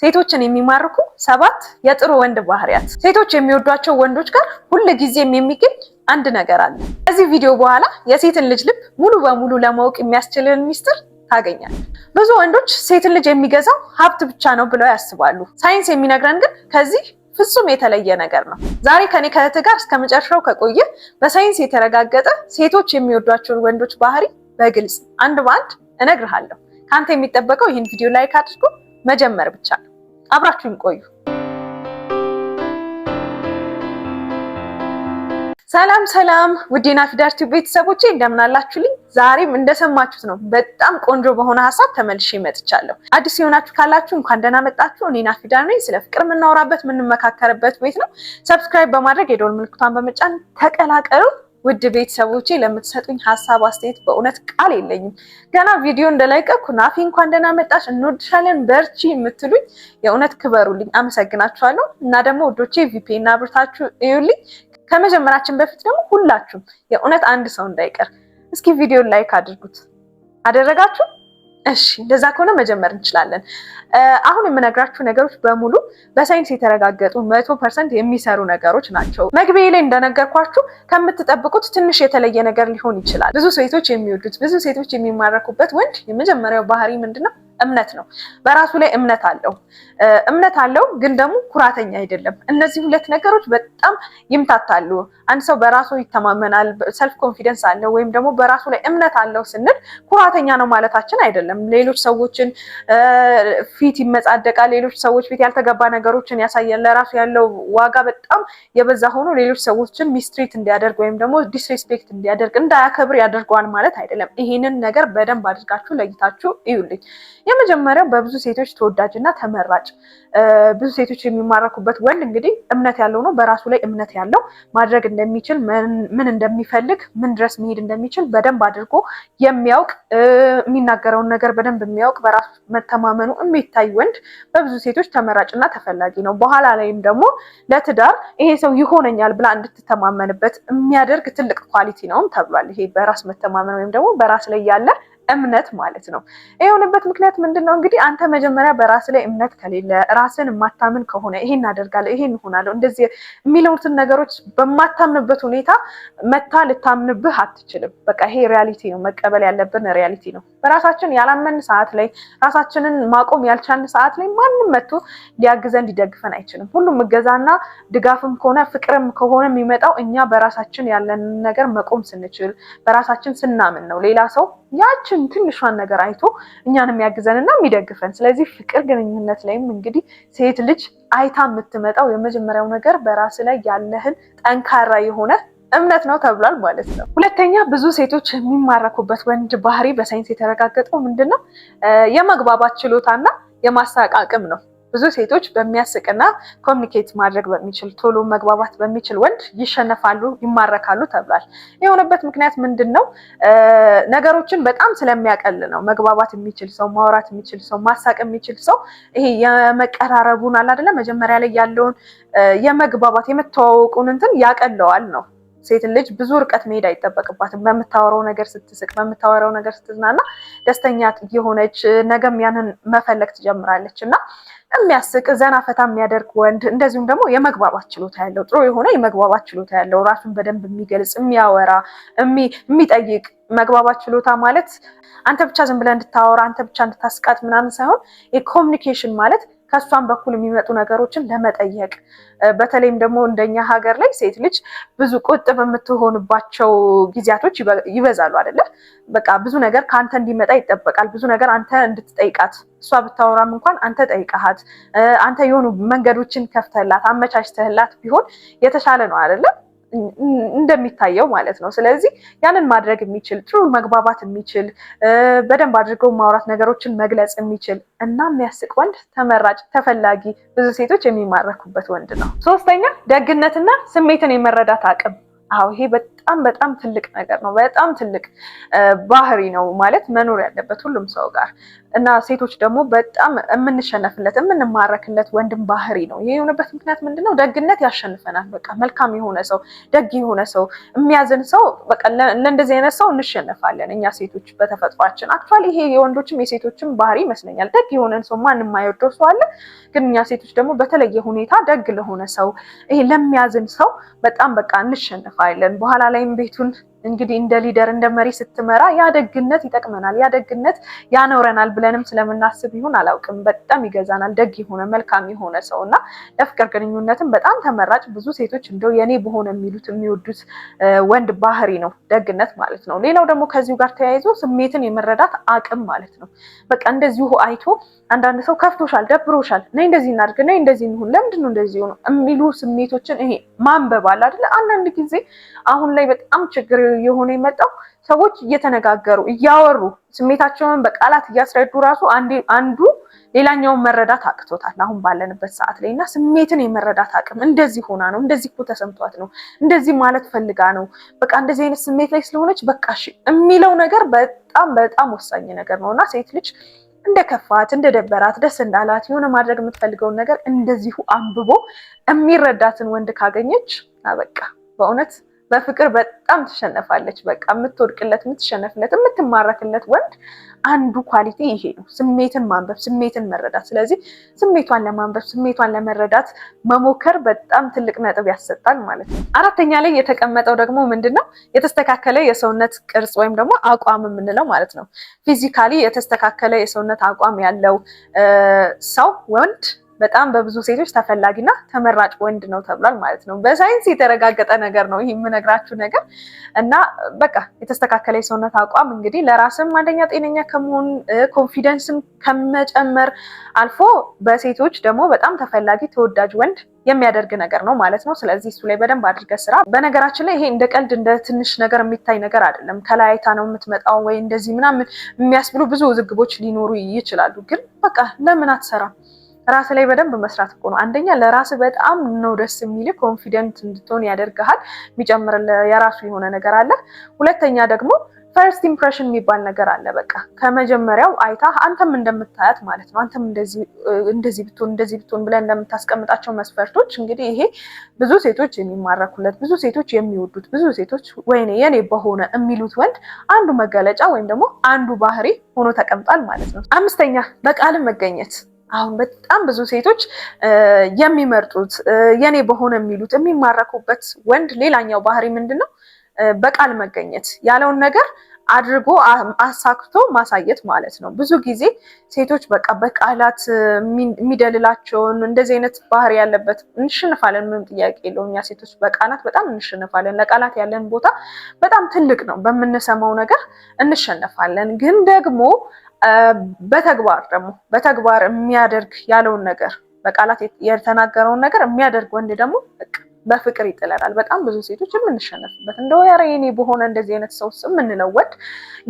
ሴቶችን የሚማርኩ ሰባት የጥሩ ወንድ ባህሪያት። ሴቶች የሚወዷቸው ወንዶች ጋር ሁል ጊዜም የሚገኝ አንድ ነገር አለ። ከዚህ ቪዲዮ በኋላ የሴትን ልጅ ልብ ሙሉ በሙሉ ለማወቅ የሚያስችልን ሚስጥር ታገኛል። ብዙ ወንዶች ሴትን ልጅ የሚገዛው ሀብት ብቻ ነው ብለው ያስባሉ። ሳይንስ የሚነግረን ግን ከዚህ ፍጹም የተለየ ነገር ነው። ዛሬ ከኔ ከእህት ጋር እስከ መጨረሻው ከቆየ በሳይንስ የተረጋገጠ ሴቶች የሚወዷቸውን ወንዶች ባህሪ በግልጽ አንድ በአንድ እነግርሃለሁ። ከአንተ የሚጠበቀው ይህን ቪዲዮ ላይክ አድርጎ መጀመር ብቻ አብራችሁን ቆዩ። ሰላም ሰላም፣ ውዴና ፊዳር ቲዩብ ቤተሰቦቼ እንደምናላችሁልኝ። ዛሬም እንደሰማችሁት ነው በጣም ቆንጆ በሆነ ሀሳብ ተመልሼ መጥቻለሁ። አዲስ የሆናችሁ ካላችሁ እንኳን ደህና መጣችሁ። እኔና ፊዳር ነኝ። ስለ ፍቅር የምናወራበት የምንመካከርበት ቤት ነው። ሰብስክራይብ በማድረግ የደወል ምልክቷን በመጫን ተቀላቀሉ። ውድ ቤተሰቦቼ ለምትሰጡኝ ሀሳብ አስተያየት በእውነት ቃል የለኝም። ገና ቪዲዮ እንደለቀኩ ናፊ እንኳን ደህና መጣሽ፣ እንወድሻለን፣ በርቺ የምትሉኝ የእውነት ክበሩልኝ፣ አመሰግናችኋለሁ። እና ደግሞ ውዶቼ ቪፒ እና ብርታችሁ እዩልኝ። ከመጀመራችን በፊት ደግሞ ሁላችሁም የእውነት አንድ ሰው እንዳይቀር እስኪ ቪዲዮ ላይክ አድርጉት። አደረጋችሁ? እሺ እንደዛ ከሆነ መጀመር እንችላለን። አሁን የምነግራችሁ ነገሮች በሙሉ በሳይንስ የተረጋገጡ መቶ ፐርሰንት የሚሰሩ ነገሮች ናቸው። መግቢያ ላይ እንደነገርኳችሁ ከምትጠብቁት ትንሽ የተለየ ነገር ሊሆን ይችላል። ብዙ ሴቶች የሚወዱት ብዙ ሴቶች የሚማረኩበት ወንድ የመጀመሪያው ባህሪ ምንድን ነው? እምነት ነው። በራሱ ላይ እምነት አለው እምነት አለው ግን ደግሞ ኩራተኛ አይደለም። እነዚህ ሁለት ነገሮች በጣም ይምታታሉ። አንድ ሰው በራሱ ይተማመናል፣ ሰልፍ ኮንፊደንስ አለው ወይም ደግሞ በራሱ ላይ እምነት አለው ስንል ኩራተኛ ነው ማለታችን አይደለም። ሌሎች ሰዎችን ፊት ይመጻደቃል፣ ሌሎች ሰዎች ፊት ያልተገባ ነገሮችን ያሳያል። ለራሱ ያለው ዋጋ በጣም የበዛ ሆኖ ሌሎች ሰዎችን ሚስትሪት እንዲያደርግ ወይም ደግሞ ዲስሬስፔክት እንዲያደርግ እንዳያከብር ያደርገዋል ማለት አይደለም። ይህንን ነገር በደንብ አድርጋችሁ ለይታችሁ እዩልኝ። የመጀመሪያው በብዙ ሴቶች ተወዳጅ እና ተመራጭ ብዙ ሴቶች የሚማረኩበት ወንድ እንግዲህ እምነት ያለው ነው። በራሱ ላይ እምነት ያለው ማድረግ እንደሚችል ምን እንደሚፈልግ ምን ድረስ መሄድ እንደሚችል በደንብ አድርጎ የሚያውቅ የሚናገረውን ነገር በደንብ የሚያውቅ በራሱ መተማመኑ የሚታይ ወንድ በብዙ ሴቶች ተመራጭና ተፈላጊ ነው። በኋላ ላይም ደግሞ ለትዳር ይሄ ሰው ይሆነኛል ብላ እንድትተማመንበት የሚያደርግ ትልቅ ኳሊቲ ነውም ተብሏል። ይሄ በራስ መተማመን ወይም ደግሞ በራስ ላይ ያለ እምነት ማለት ነው። ይህ የሆነበት ምክንያት ምንድን ነው? እንግዲህ አንተ መጀመሪያ በራስ ላይ እምነት ከሌለ፣ ራስን የማታምን ከሆነ ይሄን አደርጋለሁ፣ ይሄን እሆናለሁ፣ እንደዚህ የሚለውትን ነገሮች በማታምንበት ሁኔታ መታ ልታምንብህ አትችልም። በቃ ይሄ ሪያሊቲ ነው፣ መቀበል ያለብን ሪያሊቲ ነው። በራሳችን ያላመን ሰዓት ላይ ራሳችንን ማቆም ያልቻልን ሰዓት ላይ ማንም መጥቶ ሊያግዘን ሊደግፈን አይችልም። ሁሉም እገዛና ድጋፍም ከሆነ ፍቅርም ከሆነ የሚመጣው እኛ በራሳችን ያለንን ነገር መቆም ስንችል፣ በራሳችን ስናምን ነው ሌላ ሰው ያችን ትንሿን ነገር አይቶ እኛን የሚያግዘን እና የሚደግፈን። ስለዚህ ፍቅር ግንኙነት ላይም እንግዲህ ሴት ልጅ አይታ የምትመጣው የመጀመሪያው ነገር በራስ ላይ ያለህን ጠንካራ የሆነ እምነት ነው ተብሏል ማለት ነው። ሁለተኛ ብዙ ሴቶች የሚማረኩበት ወንድ ባህሪ በሳይንስ የተረጋገጠው ምንድን ነው? የመግባባት ችሎታና የማሳቅ አቅም ነው። ብዙ ሴቶች በሚያስቅና ኮሚኒኬት ማድረግ በሚችል ቶሎ መግባባት በሚችል ወንድ ይሸነፋሉ፣ ይማረካሉ ተብሏል። የሆነበት ምክንያት ምንድን ነው? ነገሮችን በጣም ስለሚያቀል ነው። መግባባት የሚችል ሰው፣ ማውራት የሚችል ሰው፣ ማሳቅ የሚችል ሰው ይሄ የመቀራረቡን አላደለ መጀመሪያ ላይ ያለውን የመግባባት የመተዋወቁን እንትን ያቀለዋል ነው ሴት ልጅ ብዙ ርቀት መሄድ አይጠበቅባትም። በምታወራው ነገር ስትስቅ፣ በምታወራው ነገር ስትዝናና ደስተኛ የሆነች ነገም ያንን መፈለግ ትጀምራለች እና የሚያስቅ ዘና ፈታ የሚያደርግ ወንድ እንደዚሁም ደግሞ የመግባባት ችሎታ ያለው ጥሩ የሆነ የመግባባት ችሎታ ያለው ራሱን በደንብ የሚገልጽ የሚያወራ የሚጠይቅ መግባባት ችሎታ ማለት አንተ ብቻ ዝም ብለህ እንድታወራ አንተ ብቻ እንድታስቃት ምናምን ሳይሆን የኮሚኒኬሽን ማለት ከእሷን በኩል የሚመጡ ነገሮችን ለመጠየቅ በተለይም ደግሞ እንደኛ ሀገር ላይ ሴት ልጅ ብዙ ቁጥብ የምትሆንባቸው ጊዜያቶች ይበዛሉ አይደለ? በቃ ብዙ ነገር ከአንተ እንዲመጣ ይጠበቃል። ብዙ ነገር አንተ እንድትጠይቃት እሷ ብታወራም እንኳን አንተ ጠይቀሃት፣ አንተ የሆኑ መንገዶችን ከፍተህላት አመቻችተህላት ቢሆን የተሻለ ነው አይደለም? እንደሚታየው ማለት ነው። ስለዚህ ያንን ማድረግ የሚችል ጥሩ መግባባት የሚችል በደንብ አድርገው ማውራት ነገሮችን መግለጽ የሚችል እና የሚያስቅ ወንድ ተመራጭ፣ ተፈላጊ ብዙ ሴቶች የሚማረኩበት ወንድ ነው። ሶስተኛ ደግነትና ስሜትን የመረዳት አቅም። አዎ ይሄ በጣም በጣም ትልቅ ነገር ነው። በጣም ትልቅ ባህሪ ነው ማለት መኖር ያለበት ሁሉም ሰው ጋር እና ሴቶች ደግሞ በጣም የምንሸነፍለት የምንማረክለት ወንድም ባህሪ ነው። ይህ የሆነበት ምክንያት ምንድነው? ደግነት ያሸንፈናል። በቃ መልካም የሆነ ሰው፣ ደግ የሆነ ሰው፣ የሚያዝን ሰው በቃ ለእንደዚህ አይነት ሰው እንሸነፋለን እኛ ሴቶች በተፈጥሯችን። አክቹዋሊ ይሄ የወንዶችም የሴቶችም ባህሪ ይመስለኛል። ደግ የሆነን ሰው ማን የማይወደው ሰው አለ? ግን እኛ ሴቶች ደግሞ በተለየ ሁኔታ ደግ ለሆነ ሰው፣ ይሄ ለሚያዝን ሰው በጣም በቃ እንሸነፋለን በኋላ ላይም ቤቱን እንግዲህ እንደ ሊደር እንደ መሪ ስትመራ ያ ደግነት ይጠቅመናል፣ ያ ደግነት ያኖረናል ብለንም ስለምናስብ ይሁን አላውቅም፣ በጣም ይገዛናል። ደግ የሆነ መልካም የሆነ ሰው እና ለፍቅር ግንኙነትም በጣም ተመራጭ ብዙ ሴቶች እንደው የኔ በሆነ የሚሉት የሚወዱት ወንድ ባህሪ ነው ደግነት ማለት ነው። ሌላው ደግሞ ከዚሁ ጋር ተያይዞ ስሜትን የመረዳት አቅም ማለት ነው። በቃ እንደዚሁ አይቶ አንዳንድ ሰው ከፍቶሻል፣ ደብሮሻል፣ ነይ እንደዚህ እናድርግ፣ ነይ እንደዚህ እንሁን፣ ለምንድን ነው እንደዚህ የሚሉ ስሜቶችን ይሄ ማንበብ አለ አይደለ? አንዳንድ ጊዜ አሁን ላይ በጣም ችግር እየሆነ የመጣው ሰዎች እየተነጋገሩ እያወሩ ስሜታቸውን በቃላት እያስረዱ ራሱ አንዱ ሌላኛውን መረዳት አቅቶታል አሁን ባለንበት ሰዓት ላይ እና ስሜትን የመረዳት አቅም እንደዚህ ሆና ነው፣ እንደዚህ እኮ ተሰምቷት ነው፣ እንደዚህ ማለት ፈልጋ ነው፣ በቃ እንደዚህ አይነት ስሜት ላይ ስለሆነች በቃ እሺ የሚለው ነገር በጣም በጣም ወሳኝ ነገር ነው እና ሴት ልጅ እንደ ከፋት፣ እንደ ደበራት፣ ደስ እንዳላት የሆነ ማድረግ የምትፈልገውን ነገር እንደዚሁ አንብቦ የሚረዳትን ወንድ ካገኘች በቃ በእውነት በፍቅር በጣም ትሸነፋለች። በቃ የምትወድቅለት፣ የምትሸነፍለት፣ የምትማረክለት ወንድ አንዱ ኳሊቲ ይሄ ነው፣ ስሜትን ማንበብ፣ ስሜትን መረዳት። ስለዚህ ስሜቷን ለማንበብ ስሜቷን ለመረዳት መሞከር በጣም ትልቅ ነጥብ ያሰጣል ማለት ነው። አራተኛ ላይ የተቀመጠው ደግሞ ምንድን ነው? የተስተካከለ የሰውነት ቅርጽ ወይም ደግሞ አቋም የምንለው ማለት ነው። ፊዚካሊ የተስተካከለ የሰውነት አቋም ያለው ሰው ወንድ በጣም በብዙ ሴቶች ተፈላጊና ተመራጭ ወንድ ነው ተብሏል ማለት ነው። በሳይንስ የተረጋገጠ ነገር ነው ይህ የምነግራችሁ ነገር እና በቃ የተስተካከለ የሰውነት አቋም እንግዲህ ለራስም አንደኛ ጤነኛ ከመሆን ኮንፊደንስም ከመጨመር አልፎ በሴቶች ደግሞ በጣም ተፈላጊ ተወዳጅ ወንድ የሚያደርግ ነገር ነው ማለት ነው። ስለዚህ እሱ ላይ በደንብ አድርገ ስራ። በነገራችን ላይ ይሄ እንደ ቀልድ እንደ ትንሽ ነገር የሚታይ ነገር አይደለም። ከላይ አይታ ነው የምትመጣው ወይ እንደዚህ ምናምን የሚያስብሉ ብዙ ውዝግቦች ሊኖሩ ይችላሉ። ግን በቃ ለምን አትሰራም? ራስ ላይ በደንብ መስራት እኮ ነው። አንደኛ ለራስ በጣም ነው ደስ የሚል ኮንፊደንት እንድትሆን ያደርግሃል። የሚጨምር የራሱ የሆነ ነገር አለ። ሁለተኛ ደግሞ ፈርስት ኢምፕሬሽን የሚባል ነገር አለ። በቃ ከመጀመሪያው አይታ አንተም እንደምታያት ማለት ነው። አንተም እንደዚህ ብትሆን እንደዚህ ብትሆን ብለን እንደምታስቀምጣቸው መስፈርቶች እንግዲህ ይሄ ብዙ ሴቶች የሚማረኩለት፣ ብዙ ሴቶች የሚወዱት፣ ብዙ ሴቶች ወይኔ የኔ በሆነ የሚሉት ወንድ አንዱ መገለጫ ወይም ደግሞ አንዱ ባህሪ ሆኖ ተቀምጧል ማለት ነው። አምስተኛ በቃልም መገኘት አሁን በጣም ብዙ ሴቶች የሚመርጡት የኔ በሆነ የሚሉት የሚማረኩበት ወንድ ሌላኛው ባህሪ ምንድን ነው? በቃል መገኘት ያለውን ነገር አድርጎ አሳክቶ ማሳየት ማለት ነው። ብዙ ጊዜ ሴቶች በቃ በቃላት የሚደልላቸውን እንደዚህ አይነት ባህሪ ያለበት እንሸንፋለን። ምንም ጥያቄ የለውም። እኛ ሴቶች በቃላት በጣም እንሸንፋለን። ለቃላት ያለን ቦታ በጣም ትልቅ ነው። በምንሰማው ነገር እንሸነፋለን። ግን ደግሞ በተግባር ደግሞ በተግባር የሚያደርግ ያለውን ነገር በቃላት የተናገረውን ነገር የሚያደርግ ወንድ ደግሞ በፍቅር ይጥለናል። በጣም ብዙ ሴቶች የምንሸነፍበት እንደ ኧረ የኔ በሆነ እንደዚህ አይነት ሰው የምንለው ወንድ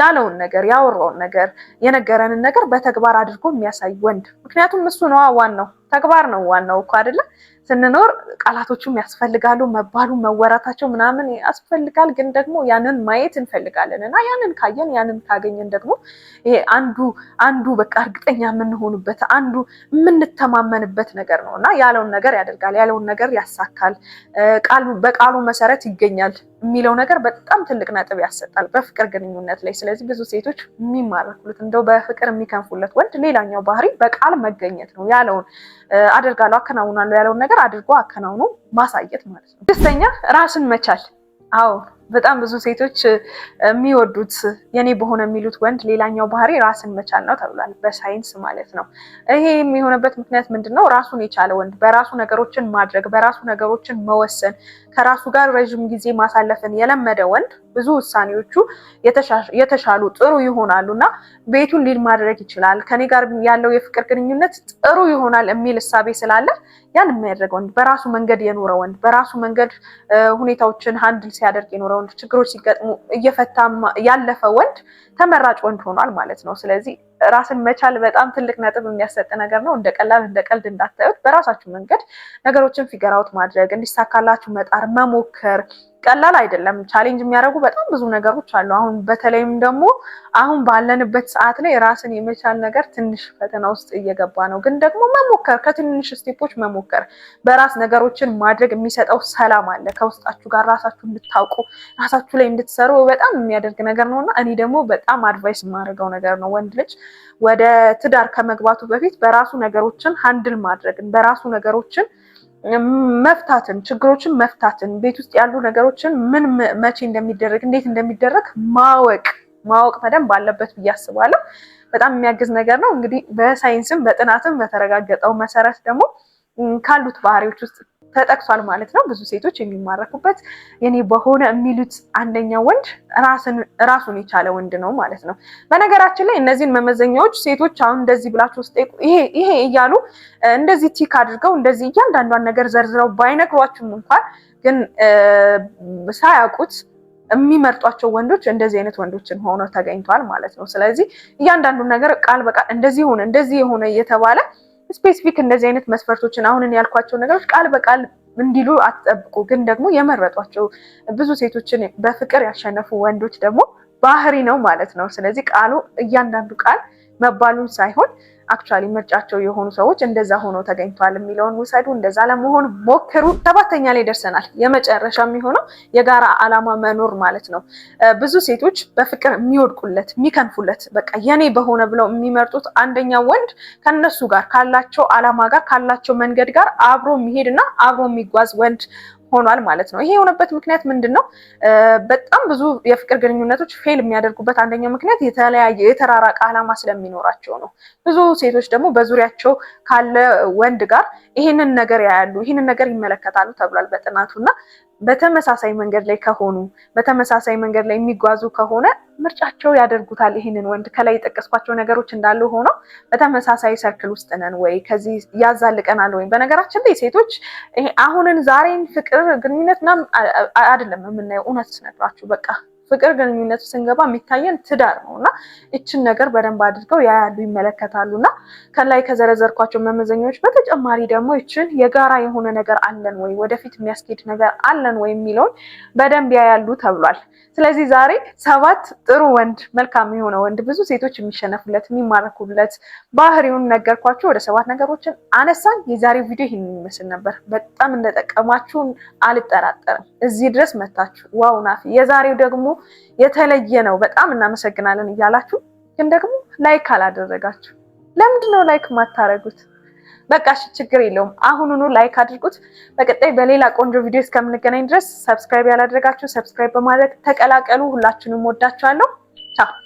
ያለውን ነገር ያወራውን ነገር የነገረንን ነገር በተግባር አድርጎ የሚያሳይ ወንድ። ምክንያቱም እሱ ነዋ ዋናው፣ ተግባር ነው ዋናው እኮ አይደለም። ስንኖር ቃላቶቹም ያስፈልጋሉ መባሉ መወራታቸው ምናምን ያስፈልጋል። ግን ደግሞ ያንን ማየት እንፈልጋለን እና ያንን ካየን ያንን ካገኘን ደግሞ አንዱ አንዱ በቃ እርግጠኛ የምንሆኑበት አንዱ የምንተማመንበት ነገር ነው እና ያለውን ነገር ያደርጋል፣ ያለውን ነገር ያሳካል፣ በቃሉ መሰረት ይገኛል የሚለው ነገር በጣም ትልቅ ነጥብ ያሰጣል በፍቅር ግንኙነት ላይ። ስለዚህ ብዙ ሴቶች የሚማረኩለት እንደው በፍቅር የሚከንፉለት ወንድ ሌላኛው ባህሪ በቃል መገኘት ነው። ያለውን አደርጋለሁ፣ አከናውናለሁ ያለውን ነገር አድርጎ አከናውኖ ማሳየት ማለት ነው። ስድስተኛ ራስን መቻል። አዎ በጣም ብዙ ሴቶች የሚወዱት የኔ በሆነ የሚሉት ወንድ ሌላኛው ባህሪ ራስን መቻል ነው ተብሏል፣ በሳይንስ ማለት ነው። ይሄ የሚሆንበት ምክንያት ምንድን ነው? ራሱን የቻለ ወንድ በራሱ ነገሮችን ማድረግ፣ በራሱ ነገሮችን መወሰን፣ ከራሱ ጋር ረዥም ጊዜ ማሳለፍን የለመደ ወንድ ብዙ ውሳኔዎቹ የተሻሉ ጥሩ ይሆናሉ እና ቤቱን ሊድ ማድረግ ይችላል። ከኔ ጋር ያለው የፍቅር ግንኙነት ጥሩ ይሆናል የሚል እሳቤ ስላለ ያን የሚያደርገ ወንድ፣ በራሱ መንገድ የኖረ ወንድ፣ በራሱ መንገድ ሁኔታዎችን ሀንድል ሲያደርግ የኖረ ወንድ ችግሮች ሲገጥሙ እየፈታ ያለፈ ወንድ ተመራጭ ወንድ ሆኗል ማለት ነው። ስለዚህ ራስን መቻል በጣም ትልቅ ነጥብ የሚያሰጥ ነገር ነው። እንደ ቀላል እንደ ቀልድ እንዳታዩት። በራሳችሁ መንገድ ነገሮችን ፊገራውት ማድረግ እንዲሳካላችሁ መጣር መሞከር ቀላል አይደለም። ቻሌንጅ የሚያደርጉ በጣም ብዙ ነገሮች አሉ። አሁን በተለይም ደግሞ አሁን ባለንበት ሰዓት ላይ ራስን የመቻል ነገር ትንሽ ፈተና ውስጥ እየገባ ነው። ግን ደግሞ መሞከር፣ ከትንሽ ስቴፖች መሞከር፣ በራስ ነገሮችን ማድረግ የሚሰጠው ሰላም አለ። ከውስጣችሁ ጋር ራሳችሁ እንድታውቁ፣ ራሳችሁ ላይ እንድትሰሩ በጣም የሚያደርግ ነገር ነው እና እኔ ደግሞ በጣም አድቫይስ የማደርገው ነገር ነው ወንድ ልጅ ወደ ትዳር ከመግባቱ በፊት በራሱ ነገሮችን ሀንድል ማድረግን በራሱ ነገሮችን መፍታትን ችግሮችን መፍታትን ቤት ውስጥ ያሉ ነገሮችን ምን መቼ እንደሚደረግ እንዴት እንደሚደረግ ማወቅ ማወቅ በደንብ አለበት ብዬ አስባለሁ። በጣም የሚያግዝ ነገር ነው። እንግዲህ በሳይንስም በጥናትም በተረጋገጠው መሰረት ደግሞ ካሉት ባህሪዎች ውስጥ ተጠቅሷል ማለት ነው። ብዙ ሴቶች የሚማረኩበት የኔ በሆነ የሚሉት አንደኛው ወንድ ራሱን የቻለ ወንድ ነው ማለት ነው። በነገራችን ላይ እነዚህን መመዘኛዎች ሴቶች አሁን እንደዚህ ብላችሁ ስጠይቁ ይሄ እያሉ እንደዚህ ቲክ አድርገው እንደዚህ እያንዳንዷን ነገር ዘርዝረው ባይነግሯችሁም እንኳን ግን ሳያውቁት የሚመርጧቸው ወንዶች እንደዚህ አይነት ወንዶችን ሆኖ ተገኝቷል ማለት ነው። ስለዚህ እያንዳንዱ ነገር ቃል በቃል እንደዚህ ሆነ እንደዚህ የሆነ እየተባለ ስፔሲፊክ እንደዚህ አይነት መስፈርቶችን አሁንን ያልኳቸው ነገሮች ቃል በቃል እንዲሉ አትጠብቁ። ግን ደግሞ የመረጧቸው ብዙ ሴቶችን በፍቅር ያሸነፉ ወንዶች ደግሞ ባህሪ ነው ማለት ነው። ስለዚህ ቃሉ እያንዳንዱ ቃል መባሉን ሳይሆን አክቹዋሊ ምርጫቸው የሆኑ ሰዎች እንደዛ ሆኖ ተገኝቷል የሚለውን ውሰዱ። እንደዛ ለመሆን ሞክሩ። ሰባተኛ ላይ ደርሰናል። የመጨረሻ የሚሆነው የጋራ አላማ መኖር ማለት ነው። ብዙ ሴቶች በፍቅር የሚወድቁለት የሚከንፉለት፣ በቃ የኔ በሆነ ብለው የሚመርጡት አንደኛው ወንድ ከነሱ ጋር ካላቸው አላማ ጋር ካላቸው መንገድ ጋር አብሮ የሚሄድ እና አብሮ የሚጓዝ ወንድ ሆኗል ማለት ነው። ይሄ የሆነበት ምክንያት ምንድን ነው? በጣም ብዙ የፍቅር ግንኙነቶች ፌል የሚያደርጉበት አንደኛው ምክንያት የተለያየ የተራራቀ ዓላማ ስለሚኖራቸው ነው። ብዙ ሴቶች ደግሞ በዙሪያቸው ካለ ወንድ ጋር ይህንን ነገር ያያሉ፣ ይህንን ነገር ይመለከታሉ ተብሏል በጥናቱ እና በተመሳሳይ መንገድ ላይ ከሆኑ በተመሳሳይ መንገድ ላይ የሚጓዙ ከሆነ ምርጫቸው ያደርጉታል። ይህንን ወንድ ከላይ የጠቀስኳቸው ነገሮች እንዳሉ ሆነው በተመሳሳይ ሰርክል ውስጥ ነን ወይ ከዚህ ያዛልቀናል ወይም በነገራችን ላይ ሴቶች አሁንን ዛሬን ፍቅር ግንኙነት ምናምን አይደለም የምናየው እውነት ስነግራችሁ በቃ ፍቅር ግንኙነቱ ስንገባ የሚታየን ትዳር ነው እና ይችን ነገር በደንብ አድርገው ያያሉ ይመለከታሉ። እና ከላይ ከዘረዘርኳቸው መመዘኛዎች በተጨማሪ ደግሞ ይችን የጋራ የሆነ ነገር አለን ወይ፣ ወደፊት የሚያስኬድ ነገር አለን ወይ የሚለውን በደንብ ያያሉ ተብሏል። ስለዚህ ዛሬ ሰባት ጥሩ ወንድ፣ መልካም የሆነ ወንድ፣ ብዙ ሴቶች የሚሸነፉለት የሚማረኩለት ባህሪውን ነገርኳቸው ወደ ሰባት ነገሮችን አነሳን። የዛሬው ቪዲዮ ይህን ይመስል ነበር። በጣም እንደጠቀማችሁን አልጠራጠርም። እዚህ ድረስ መታችሁ ዋው ናፊ የዛሬው ደግሞ የተለየ ነው፣ በጣም እናመሰግናለን እያላችሁ ግን ደግሞ ላይክ አላደረጋችሁ። ለምንድነው ላይክ የማታደርጉት? በቃ እሺ ችግር የለውም። አሁኑኑ ላይክ አድርጉት። በቀጣይ በሌላ ቆንጆ ቪዲዮ እስከምንገናኝ ድረስ ሰብስክራይብ ያላደረጋችሁ ሰብስክራይብ በማድረግ ተቀላቀሉ። ሁላችሁንም ወዳችኋለሁ። ቻው